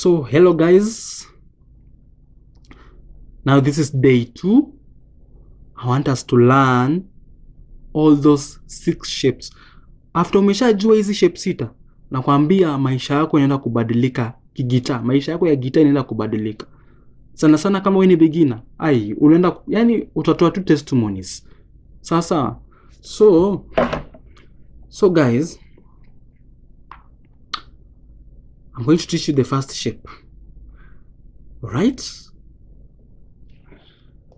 so hello guys now this is day two i want us to learn all those six shapes after umeshajua hizi shape sita nakwambia maisha yako inaenda kubadilika kigita maisha yako ya gita inaenda kubadilika sana sana kama wewe ni beginner ai unaenda yani utatoa tu testimonies sasa so so guys I'm going to teach you the first shape. Right?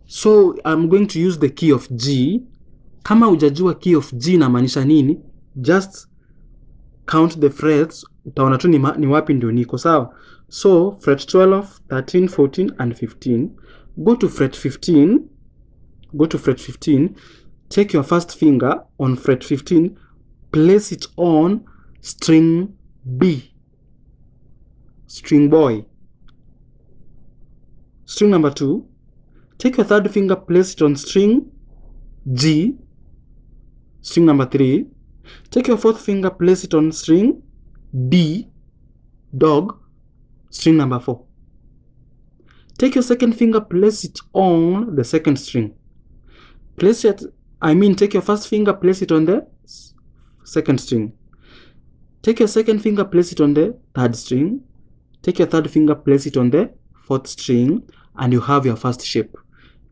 So I'm going to use the key of G. Kama hujajua key of G inamaanisha nini, just count the frets, utaona tu ni wapi ndio niko sawa. So fret 12, 13, 14 and 15. Go to fret 15. Go to fret 15. Take your first finger on fret 15, place it on string B string boy. String number two, take your third finger, place it on string G. String number three, take your fourth finger, place it on string D, dog. String number four. Take your second finger, place it on the second string. Place it, I mean, take your first finger, place it on the second string. Take your second finger, place it on the third string. Take your third finger, place it on the fourth string, and you have your first shape.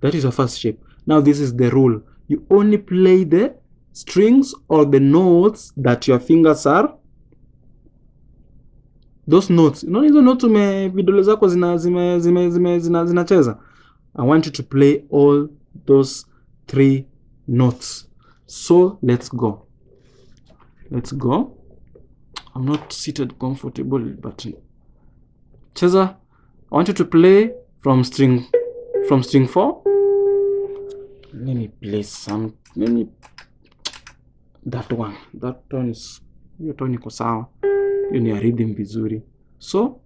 That is your first shape. Now this is the rule. You only play the strings or the notes that your fingers are those notes. Unaona hizo notes ume vidole zako zina zinacheza. I want you to play all those three notes. So let's go. Let's go. I'm not seated comfortable but cheza. I want you to play from string from string 4. Let me play some let me that one. That tone is hiyo tone iko sawa. Hiyo ni rhythm vizuri. So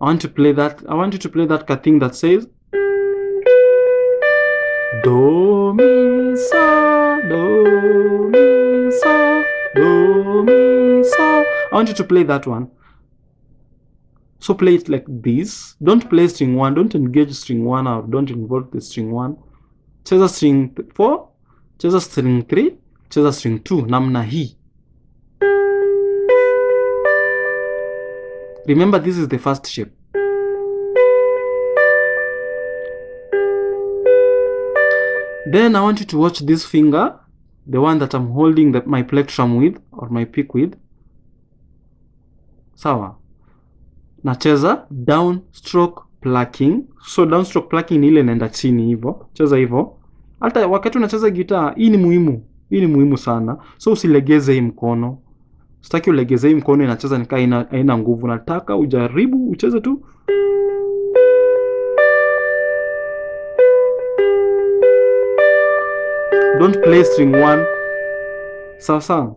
I want to play that I want you to play that thing that says do mi sa do mi sa do mi sa I want you to play that one. So play it like this. Don't play string 1. Don't engage string 1 or don't involve the string 1. Cheza string 4. Cheza string 3. Cheza string 2 namna hii. Remember this is the first shape. Then I want you to watch this finger, the one that I'm holding the, my plectrum with or my pick with. sawa nacheza stroke plucking so stroke plucking ni ile inaenda chini hivyo cheza hivyo hata wakati unacheza gitaa hii ni muhimu hii ni muhimu sana so usilegeze hii mkono sitaki ulegeze hii mkono inacheza nikaa ina, ina nguvu nataka ujaribu ucheze tu don't play string one sawa sawa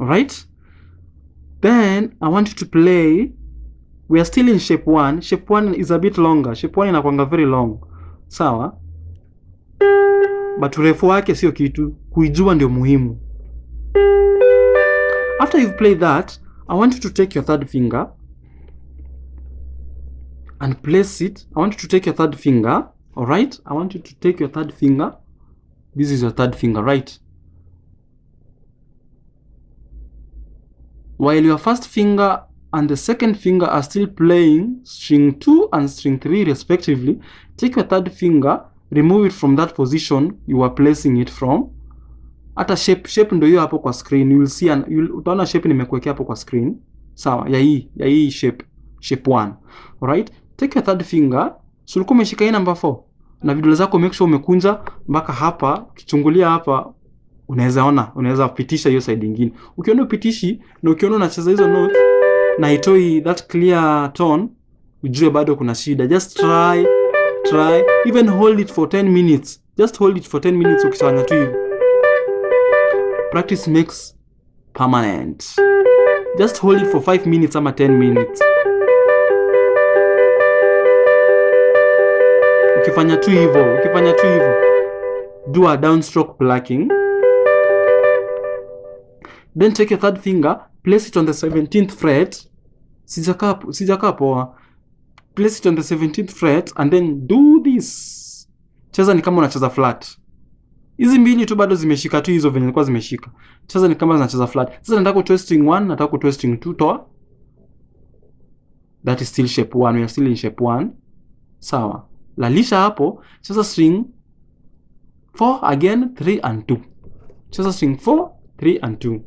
right? Then I want you to play. We are still in shape 1. Shape 1 is a bit longer. Shape 1 inakwanga very long, sawa, but urefu wake sio kitu, kuijua ndio muhimu. After you've played that, I want you to take your third finger and place it. I want you to take your third finger, all right? I want you to take your third finger. This is your third finger, right? While your first finger and the second finger are still playing string 2 and string 3 respectively, take your third finger, remove it from that position you are placing it from. Hata shape shape ndio hiyo hapo kwa screen. You will see an, utaona shape nimekuwekea hapo kwa screen. Sawa, ya hii, ya hii shape, shape 1. Alright? Take your third finger. So umeshika hii number 4. Na vidole zako make sure umekunja mpaka hapa, ukichungulia hapa unaweza ona, unaweza pitisha hiyo side nyingine. Ukiona upitishi na ukiona unacheza hizo note na itoi that clear tone, ujue bado kuna shida. Just try try, even hold it for 10 minutes, just hold it for 10 minutes. Ukifanya tu hivi, practice makes permanent. Just hold it for 5 minutes ama 10 minutes. Ukifanya tu hivyo, ukifanya tu hivyo, do a downstroke plucking Then take your third finger, place it on the 17th fret. Sijakaa ah. Place it on the 17th fret and then do this. Cheza ni kama unacheza flat. Hizi mbili tu bado zimeshika tu hizo venye zilikuwa zimeshika. Cheza ni kama zinacheza flat. Sasa nataka ku 1, nataka ku 2 toa. That is still shape 1. We are still in shape 1. Sawa. Lalisha hapo, cheza string 4 again, 3 and 2. Cheza string 4, 3 and 2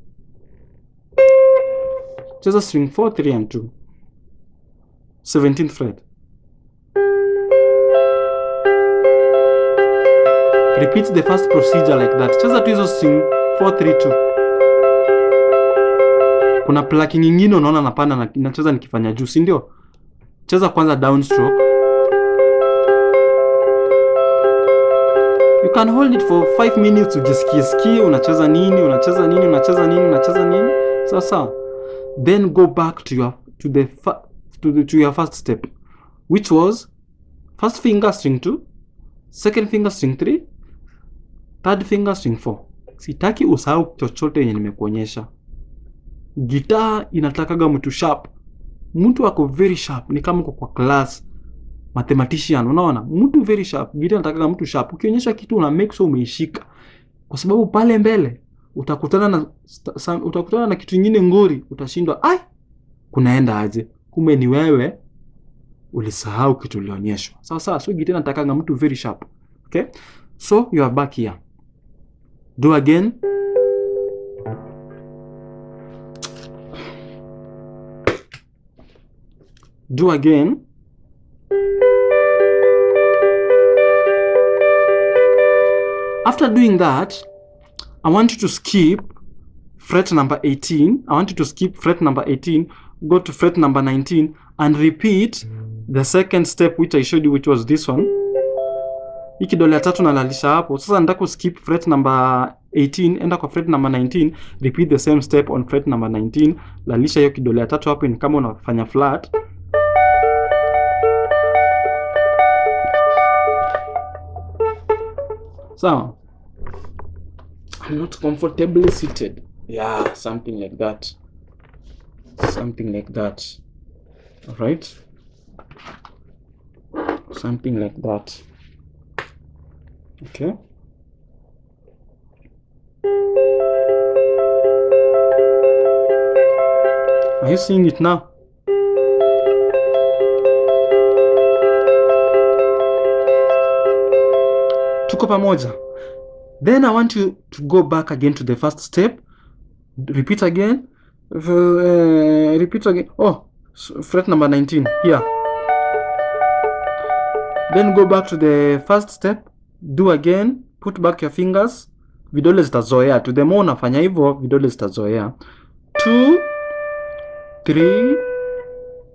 cheza string 4 3 and 2 17th fret repeat the first procedure like that cheza tu hizo string 4 3 2 kuna plucking nyingine unaona napanda na nacheza nikifanya juu si ndio cheza kwanza downstroke you can hold it for 5 minutes ujisikie sikie unacheza nini unacheza nini unacheza nini unacheza nini sawa sawa Then go back to your to the to the to your first step, which was first finger string two, second finger string three, third finger string four. Sitaki usahau chochote yenye nimekuonyesha. Gitaa inatakaga mtu sharp, mtu ako very sharp, ni kama uko kwa class mathematician, unaona mtu very sharp. Gitaa inatakaga mtu sharp, ukionyesha kitu una make sure umeishika, kwa sababu pale mbele utakutana na utakutana na kitu kingine ngori, utashindwa ai, kunaenda aje? Kumbe ni wewe ulisahau kitu ulionyeshwa. Sawa sawa, so gitena takanga mtu very sharp. Okay, so you are back here, do again do again after doing that I want you to skip fret number 18. I want you to skip fret number 18, go to fret number 19 and repeat the second step which I showed you which was this one. Hii kidole ya tatu nalalisha hapo. Sasa nataka skip fret number 18, enda kwa fret number 19, repeat the same step on fret number 19. Lalisha hiyo kidole ya tatu hapo kama unafanya flat. Sawa. So, I'm not comfortably seated. Yeah, something like that. Something like that. All right? Something like that. Okay? Are you seeing it now? Tuko pamoja. Then I want you to go back again to the first step. Repeat again. Uh, repeat again. Oh, fret number 19 here. Then go back to the first step. Do again. Put back your fingers. Vidole zitazoea. To the more unafanya hivyo, vidole zitazoea. 2 3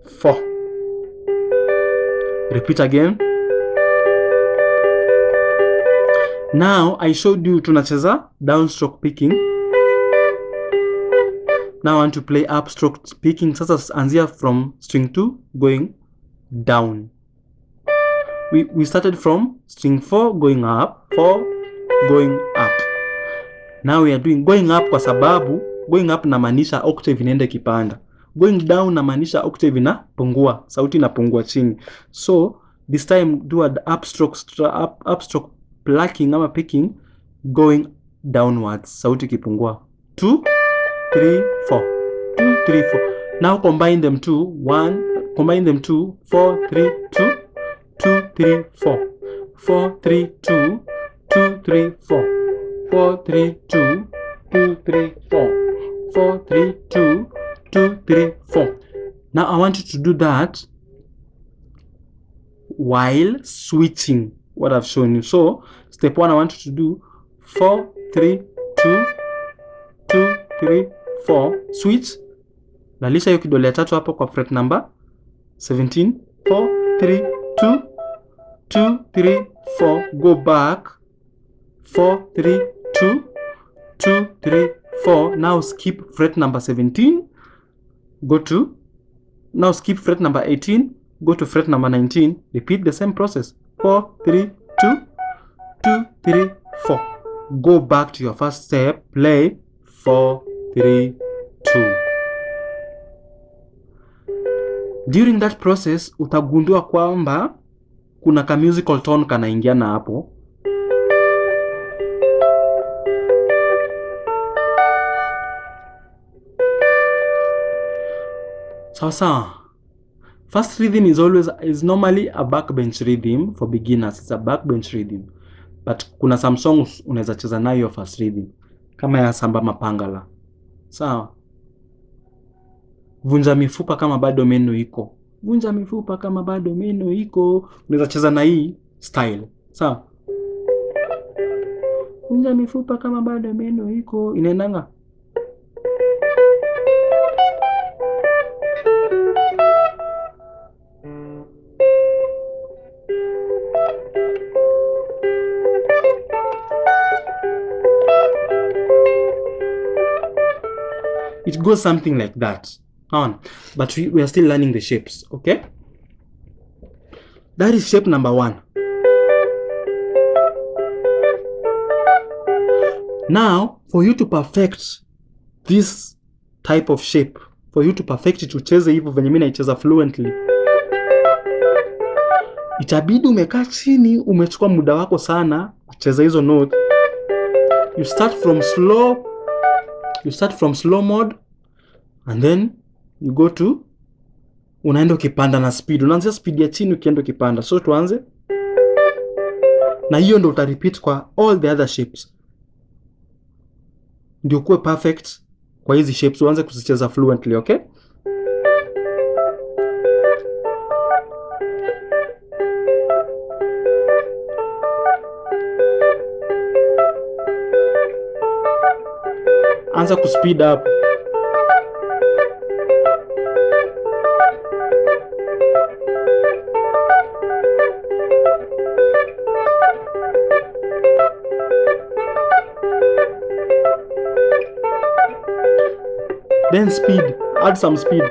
4. Repeat again. Now I showed you tunacheza downstroke picking. Now I want to play upstroke picking. Sasa anzia from string 2 going down. We, we started from string 4 going up, 4 going up. Now we are doing going up kwa sababu going up namaanisha octave inaenda kipanda. Going down namaanisha octave inapungua, sauti inapungua chini. So this time do an upstroke, upstroke plucking ama picking going downwards, sauti ikipungua 2 3 4 2 3 Now combine them two, one, combine them two, 4 3 2 2 3 4 4 3 2 2 3 4 4 3 2 2 3 4 4 3 2 2 3 4. Now I want you to do that while switching what I've shown you. So step one, I want you to do four, three, two, two, three, four, switch. Balisha hiyo kidole tatu hapo kwa fret number 17, two, two, three, four. go back, Four, three, two, two, three, four. now skip fret number 17, go to, now skip fret number 18, go to fret number 19, repeat the same process. four, three, two, two, three, four. Go back to your first step. Play four, three, two. During that process utagundua kwamba kuna ka musical tone kanaingiana hapo. Sawa sawa. First rhythm is always is normally a backbench rhythm for beginners. It's a backbench rhythm. But kuna some songs unaweza cheza nayo first rhythm kama ya Samba Mapangala. Sawa? Vunja mifupa kama bado meno iko. Vunja mifupa kama bado meno iko. Unaweza cheza na hii style. Sawa? Vunja mifupa kama bado meno iko. Inaendanga goes something like that on but we, we are still learning the shapes okay that is shape number one now for you to perfect this type of shape for you to perfect it ucheze hivyo venye mimi naicheza fluently itabidi umekaa chini umechukua muda wako sana kucheza hizo note you start from slow you start from slow mode and then you go to, unaenda ukipanda na speed, unaanzia speed ya chini ukienda ukipanda. So tuanze na hiyo, ndo utarepeat kwa all the other shapes ndio kuwe perfect kwa hizi shapes, uanze kuzicheza fluently, okay? Anza kuspeed up then speed, add some speed.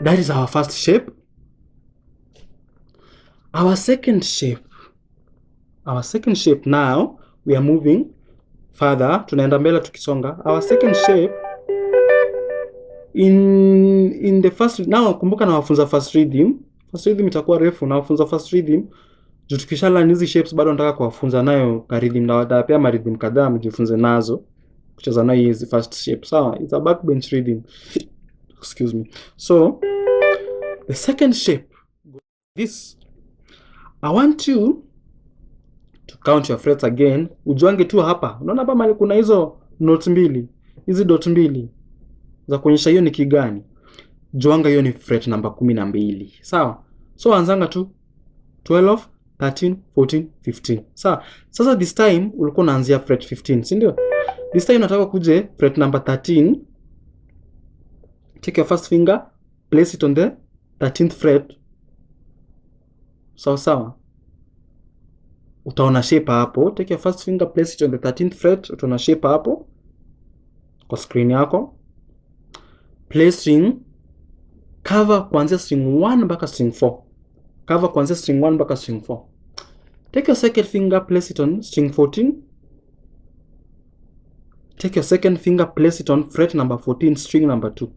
That is our first shape. Our second shape, our second shape now, we are moving further, tunaenda mbele tukisonga. Our second shape in in the first now, kumbuka na wafunza first rhythm. First rhythm itakuwa refu, na wafunza first rhythm juu tukisha learn hizi shapes, bado nataka kuwafunza nayo ka rhythm, na pia ma rhythm kadhaa mjifunze nazo kucheza nayo hizi first shape, sawa? It's a backbench rhythm, excuse me. So the second shape this, I want you to count your frets again. ujwange tu hapa, unaona hapa mali kuna hizo notes mbili, hizi dot mbili za kuonyesha hiyo ni kigani. Juanga hiyo ni fret namba 12. Sawa, so anzanga tu 12, 13, 14, 15. Sawa, sasa this time ulikuwa unaanzia fret 15, si ndio? This time nataka kuje fret number 13. Take your first finger, place it on the 13th fret. Sawa sawa, utaona shape hapo. Take your first finger, place it on the 13th fret. Utaona shape hapo kwa screen yako play string cover kuanzia string 1 mpaka string 4. Cover kuanzia string 1 mpaka string 4. Take your second finger, place it on string 14. Take your second finger, place it on fret number 14, string number 2.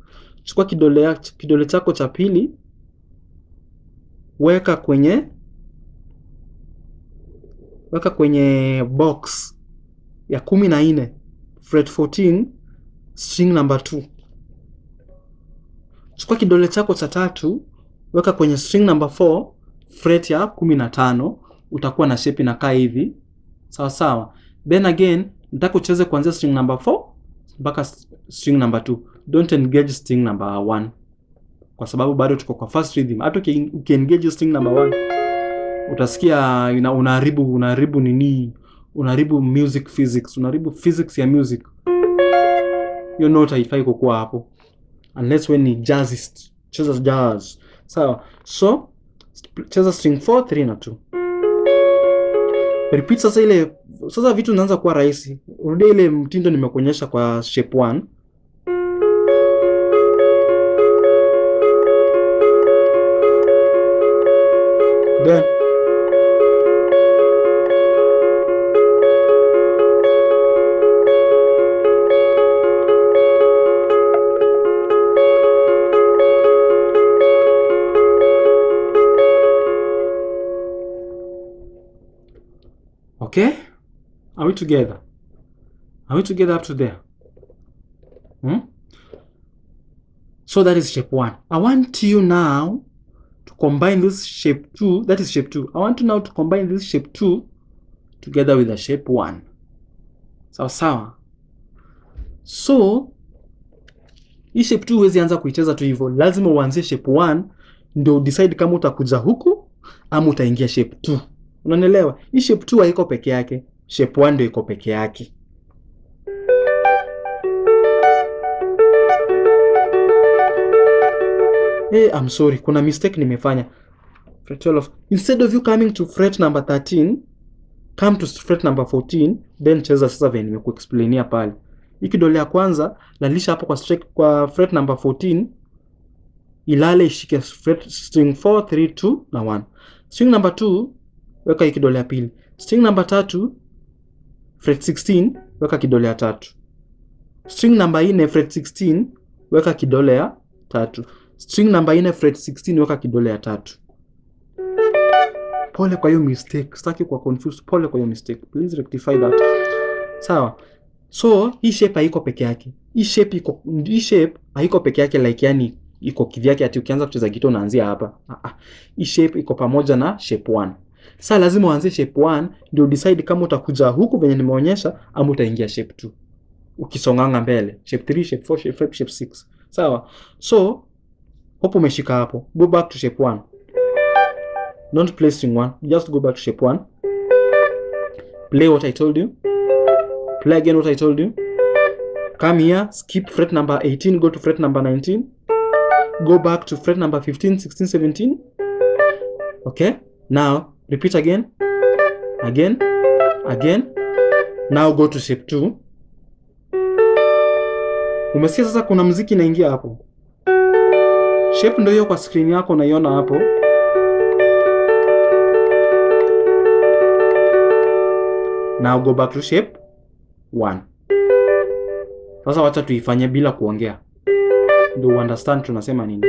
Chukua kidole, kidole chako cha pili weka kwenye weka kwenye box ya kumi na nne fret 14 string number Chukua kidole chako cha tatu, weka kwenye string number 4 fret ya 15, utakuwa na shape inakaa hivi. Sawa sawa. Then again, nataka ucheze kuanzia string number 4 mpaka string number 2. Don't engage string number 1. Kwa sababu bado tuko kwa first rhythm. Hata ukiengage string number 1 utasikia unaharibu unaharibu nini? Unaharibu music physics, unaharibu physics ya music. Hiyo note haifai kukuwa hapo unless we ni jazzist, cheza jazz sawa. So cheza string 4 3 na 2 repeat. Sasa ile sasa vitu naanza kuwa rahisi. Rudia ile mtindo nimekuonyesha kwa shape 1 then Okay? Are we together? Are we together up to there? Hmm? So that is shape 1. I want you now to combine this shape two. that is shape two. I want you now to combine this shape 2 together with the shape one. So sawa. So hii shape 2 huwezi anza kuicheza tu hivyo, lazima uanzie shape 1 ndio decide kama utakuja huku ama utaingia shape two. Unanielewa? Hii shape 2 haiko peke yake, shape 1 ndio iko peke yake. Hey, I'm sorry, kuna mistake nimefanya. Fret 12. Instead of you coming to fret number 13, come to fret number 14, then cheza sasa vile nimekuexplainia pale. Hii kidole ya kwanza lalisha hapo kwa strike, kwa fret number 14 ilale ishike fret string 4 3 2 na 1. String number weka hii kidole ya pili. String namba tatu fret 16 weka kidole ya tatu. String namba 4 fret 16 weka kidole ya tatu. String namba 4 fret 16 weka kidole ya tatu. Pole kwa hiyo mistake, sitaki kwa confuse. Pole kwa hiyo mistake, please rectify that. Sawa, so hii shape haiko peke yake. Hii shape iko, hii shape haiko peke yake like yani iko kivyake, ati ukianza kucheza gita unaanzia hapa. Ah ah, hii shape iko pamoja na shape 1. Sasa lazima uanze shape 1 ndio decide kama utakuja huku venye nimeonyesha ama utaingia shape 2. Ukisonganga mbele, shape 3, shape 4, shape 5, shape 6. Sawa? So hapo umeshika hapo. Go back to shape 1. Don't play string 1. Just go back to shape 1. Play what I told you. Play again what I told you. Come here, skip fret number 18, go to fret number 19. Go back to fret number 15, 16, 17. Okay? Now Repeat again, again, again. Now go to step 2. Umesikia sasa kuna mziki inaingia hapo. Shape ndio hiyo kwa screen yako unaiona hapo. Now go back to shape 1. Sasa wacha tuifanye bila kuongea. Ndio understand tunasema nini.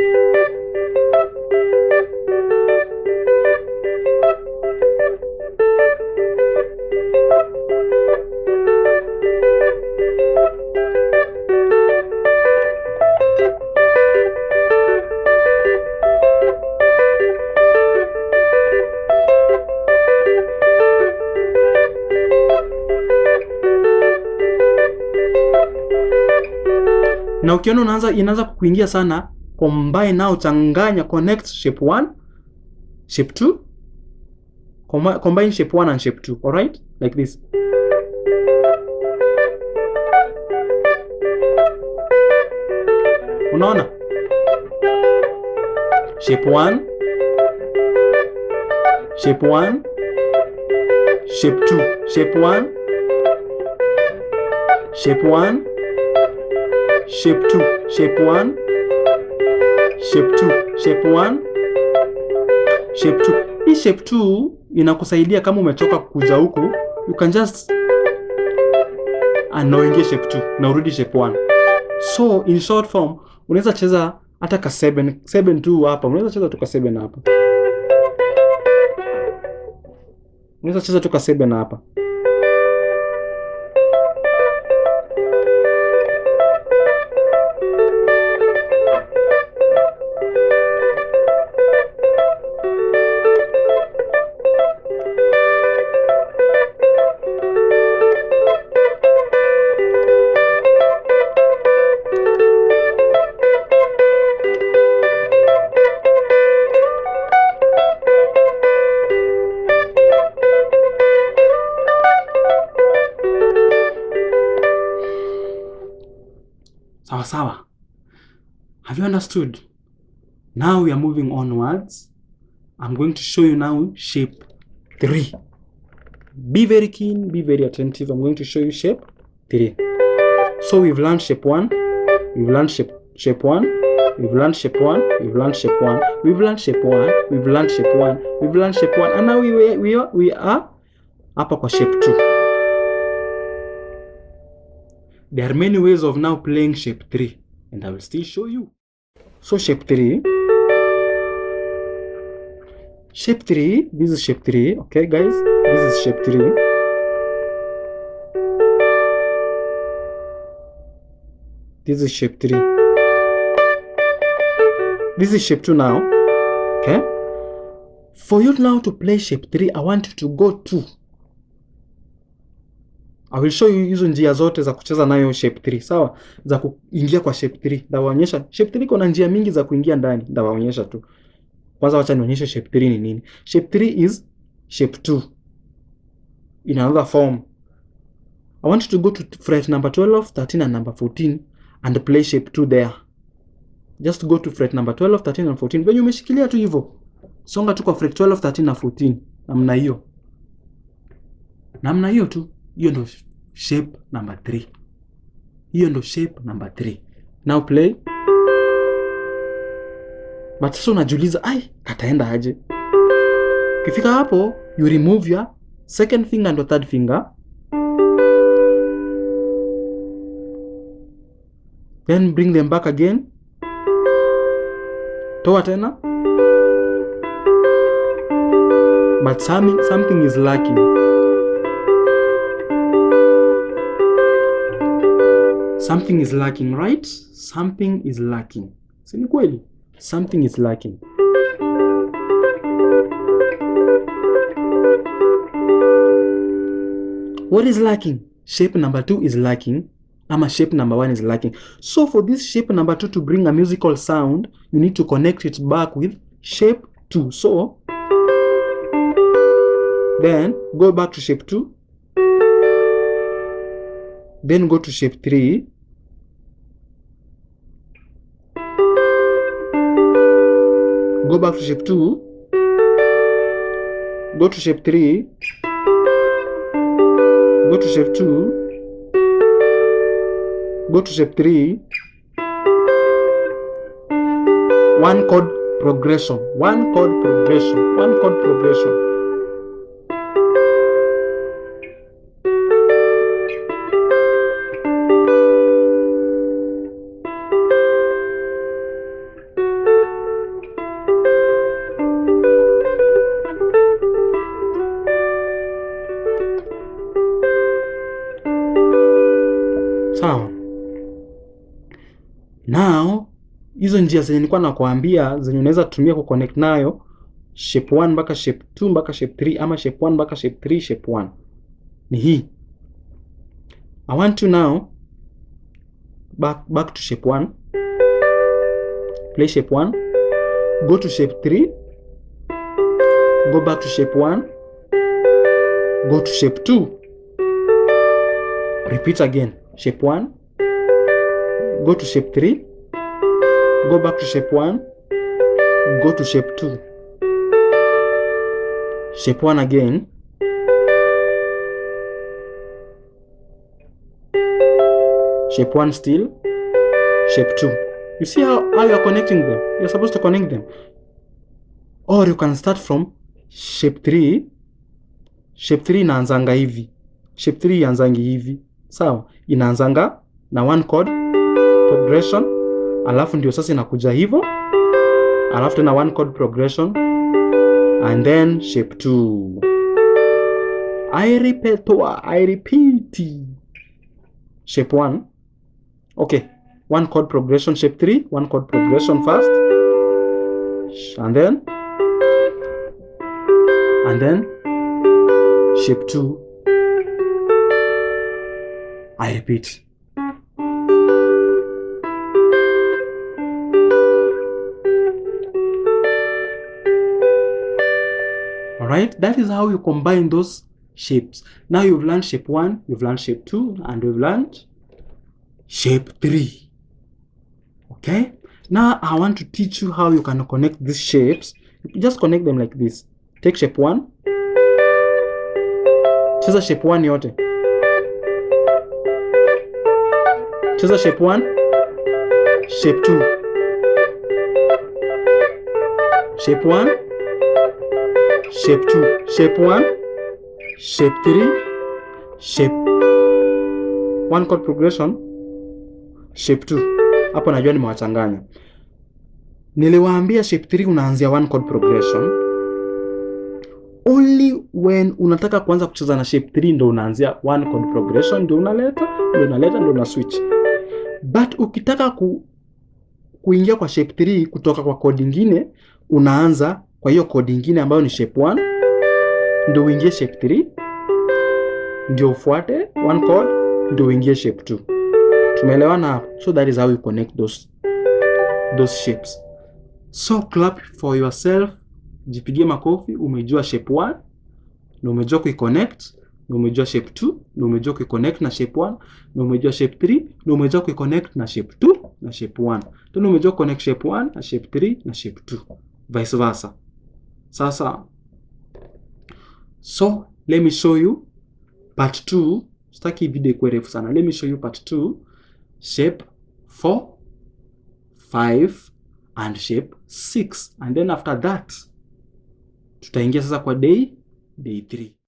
na ukiona unaanza inaanza kuingia sana, combine nao, changanya, connect shape 1 shape 2 combine shape 1 and shape 2 all right, like this. Unaona shape 1 shape 1 shape 2 shape 1 shape 1 shape 2, shape 1, shape 2, shape 1, shape 2. Hii shape 2 inakusaidia kama umechoka kuja huku, you can just uingie shape 2 na urudi shape 1. So in short form unaweza cheza hata ka 7 7 tu hapa, unaweza cheza tu ka 7 hapa, unaweza cheza tu ka 7 hapa. understood. Now we are moving onwards. I'm going to show you now shape 3. Be very keen, be very attentive. I'm going to show you shape 3. So we've learned shape 1, we've learned shape, shape 1, we've learned shape 1, we've learned shape 1, we've learned shape 1, we've learned shape 1, we've learned shape 1, and now we, we, we, are, we are hapa kwa shape 2. There are many ways of now playing shape 3 and I will still show you. So shape 3. Shape 3. This is shape 3. Okay guys. This is shape 3. This is shape 3. This is shape 2 now. Okay. For you now to play shape 3, I want you to go to I will show you hizo njia zote za kucheza nayo shape 3, sawa? Za kuingia kwa shape 3. Ndawaonyesha shape 3 kuna njia mingi za kuingia ndani, ndawaonyesha tu. Kwanza wacha nionyeshe shape 3 ni nini. Shape 3 is shape 2 in another form. I want you to go to fret number 12, 13 and number 14 and play shape 2 there. Just go to fret number 12, 13 and 14. Venye umeshikilia tu hivyo. Songa tu kwa fret 12, 13 na 14. Namna hiyo. Namna hiyo tu hiyo ndo shape number 3. Hiyo ndo shape number 3. Now play. But sasa unajiuliza ai, kataenda aje? kifika hapo you remove your second finger and your third finger. Then bring them back again. Toa tena. But something, something is lacking. something is lacking, right? Something is lacking. Si kweli? Something is lacking. What is lacking? Shape number two is lacking. Ama shape number one is lacking. So for this shape number two to bring a musical sound, you need to connect it back with shape two. So then go back to shape two. Then go to shape three. go back to shape 2 go to shape 3 go to shape 2 go to shape 3 one chord progression one chord progression one chord progression njia zenye nilikuwa nakuambia zenye unaweza tumia connect nayo shape 1 mpaka shape 2 mpaka shape 3 ama shape 1 mpaka shape 3 shape 1 ni hii. I want to now back, back to shape 1 play shape 1 go to shape 3 go back to shape 1 go to shape 2 repeat again shape 1 go to shape 3 go back to shape 1 go to shape 2 shape 1 again shape 1 still shape 2 you see how, how you are connecting them you're supposed to connect them or you can start from shape 3 shape 3 inaanzanga hivi shape 3 ianzangi hivi sawa inaanzanga na one chord progression alafu ndio sasa inakuja hivyo, alafu tena one chord progression and then shape 2. I repeat, I repeat shape 1. Okay, one chord progression shape 3, one chord progression first and then and then shape 2. I repeat. right? That is how you combine those shapes. Now you've learned shape 1, you've learned shape 2, and you've learned shape 3. Okay? Now I want to teach you how you can connect these shapes. Just connect them like this. Take shape 1. chesa shape 1 yote. Cheza shape 1, shape 2. Shape 1 shape 2, shape 1, shape 3, shape 1 chord progression, shape 2. Hapo najua nimewachanganya. Niliwaambia shape 3 unaanzia 1 chord progression. Only when unataka kuanza kucheza na shape 3 ndio unaanzia 1 chord progression, ndio unaleta, ndio unaleta, ndio una switch. But ukitaka ku, kuingia kwa shape 3 kutoka kwa chord nyingine unaanza kwa hiyo kodi nyingine ambayo ni shape 1 ndio uingie shape 3 ndio ufuate one chord ndio uingie shape 2. Tumeelewana hapo? So that is how you connect those those shapes. So clap for yourself, jipigie makofi. Umejua shape 1 na umejua kuiconnect na umejua shape 2 na umejua kuiconnect na shape 1 na umejua shape 3 na umejua kuiconnect na shape 2 na shape 1 tena umejua connect shape 1 na shape 3 na shape 2 vice versa. Sasa so let me show you part 2. Sitaki video ikuwe refu sana. Let me show you part 2 shape 4 5 and shape 6 and then after that tutaingia sasa kwa day day 3.